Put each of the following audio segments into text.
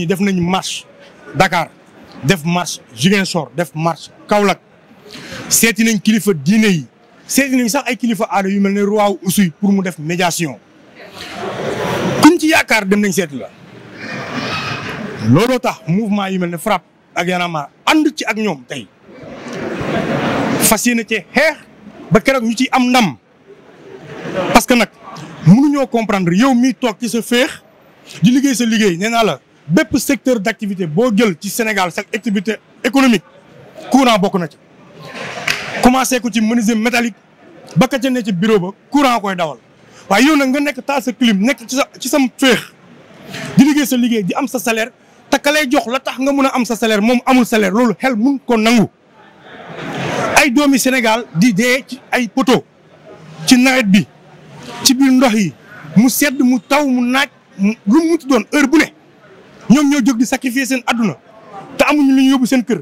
ñi def nañ marche Dakar def marche Ziguinchor def marche Kaolack seeti nañ kilifa diine yi seeti nañ sax ay kilifa aada yu mel ne Ruwaaw Oussouye pour mu def médiation kuñ ci yaakaar dem nañ seeti la looloo tax mouvement yu mel ne FRAPP ak Y'en a ci ak ñoom tey fas yéene cee ba keroog ñu ci am ndam parce que nag mënuñoo comprendre yow mi toog ci sa féex di liggéey sa liggéey nee naa la bépp secteur d' activité boo jël ci Sénégal sax activité économique courant bokk na ci commencé ko ci menuiserie métalique ba ka ca ne ci bureau ba courant koy dawal waaye yow nag nga nekk taal sa clim nekk ci sax ci sam féex di liggéey sa liggéey di am sa salaire te jox la tax nga mun a am sa salaire moom amul salaire loolu xel mun ko nangu ay doomi Sénégal di dee ci ay poto ci nawet bi ci biir ndox yi mu sedd mu taw mu naaj lu mu doon heure bu ne ñoom ñoo jóg di sacrifier seen adduna te amuñu luñ ñu yóbbu seen kër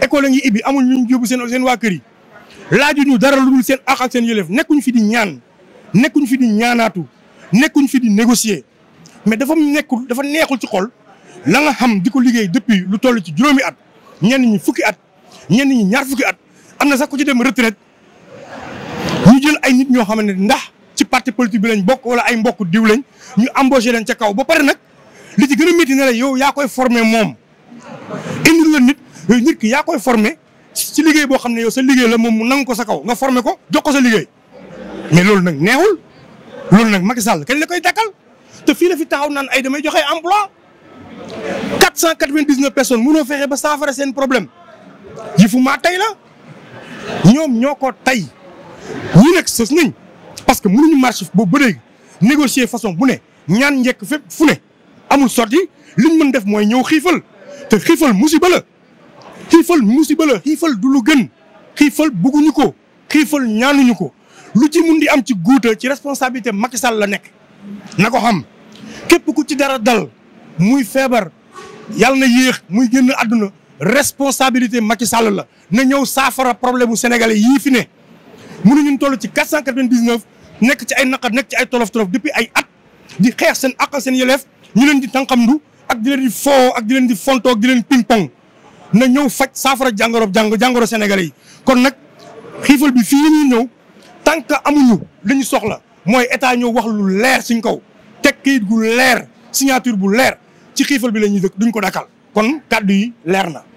école a ngi ibbi amuñu lu ñu yóbbu seen seen waa kër yi laajuñu dara lu dul seen àq ak seen yëleef nekkuñ fi di ñaan nekkuñ fi di ñaanaatu nekkuñ fi di mais dafa nekkul dafa neexul ci xol la nga xam di ko liggéey depuis lu toll ci juróomi at ñenn ñi fukki at ñenn ñi ñaar fukki at am na sax ku ci dem retraite ñu jël ay nit ñoo xam ne ndax ci parti politique bi lañ bokk wala ay mbokk diw lañ ñu embauché leen ca kaw ba pare nag li ci gën a métti ne la yow yaa koy formé moom indil la nit yooyu nit ki yaa koy formé ci liggéey boo xam ne yow sa liggéey la moom mu nangu ko sa kaw nga formé ko jox ko sa liggéey mais loolu nag neexul loolu nag Macky Sall kañ la koy dakkal te fii la fi taxaw naan ay damay joxe emploi quatre cent quatre-vingt-dix-neuf personnes mënoo fexe ba saafara seen problème yëfu tey la ñoom ñoo ko tey wu nekk sës nañ parce que mënuñu marché boobu ba léegi négocier façon bu ne ñaan njekk fépp fu ne amul sotti liñ mën def mooy ñëw xiifal te xiifal musiba la xiifal musiba la xiifal du lu gën xiifal bugguñu ko xiifal ñaanuñu ko lu ci mun di am ci guuta ci responsabilité Macky Sall la nekk na ko xam képp ku ci dara dal muy feebar yàlla na yéex muy génn àdduna responsabilité Macky Sall la na ñëw saafara problème bu sénégalais yii fi ne mënuñu toll ci 499 nekk ci ay naqar nekk ci ay tolof tolof depuis ay at di xeex seen àq seen yëleef ñu leen di tànqamdu ak di di foo ak di leen di fontoo ak di leen ping pong na ñëw faj saafara jàngoro jàng jàngoro sénégalais yi kon nag xiifal bi fii ñu ñëw tant que amuñu li soxla mooy état ñëw wax lu leer suñ kaw teg kayit gu leer signature bu leer ci xiifal bi la ñuy dëkk duñ ko dakkal kon kàddu yi leer na.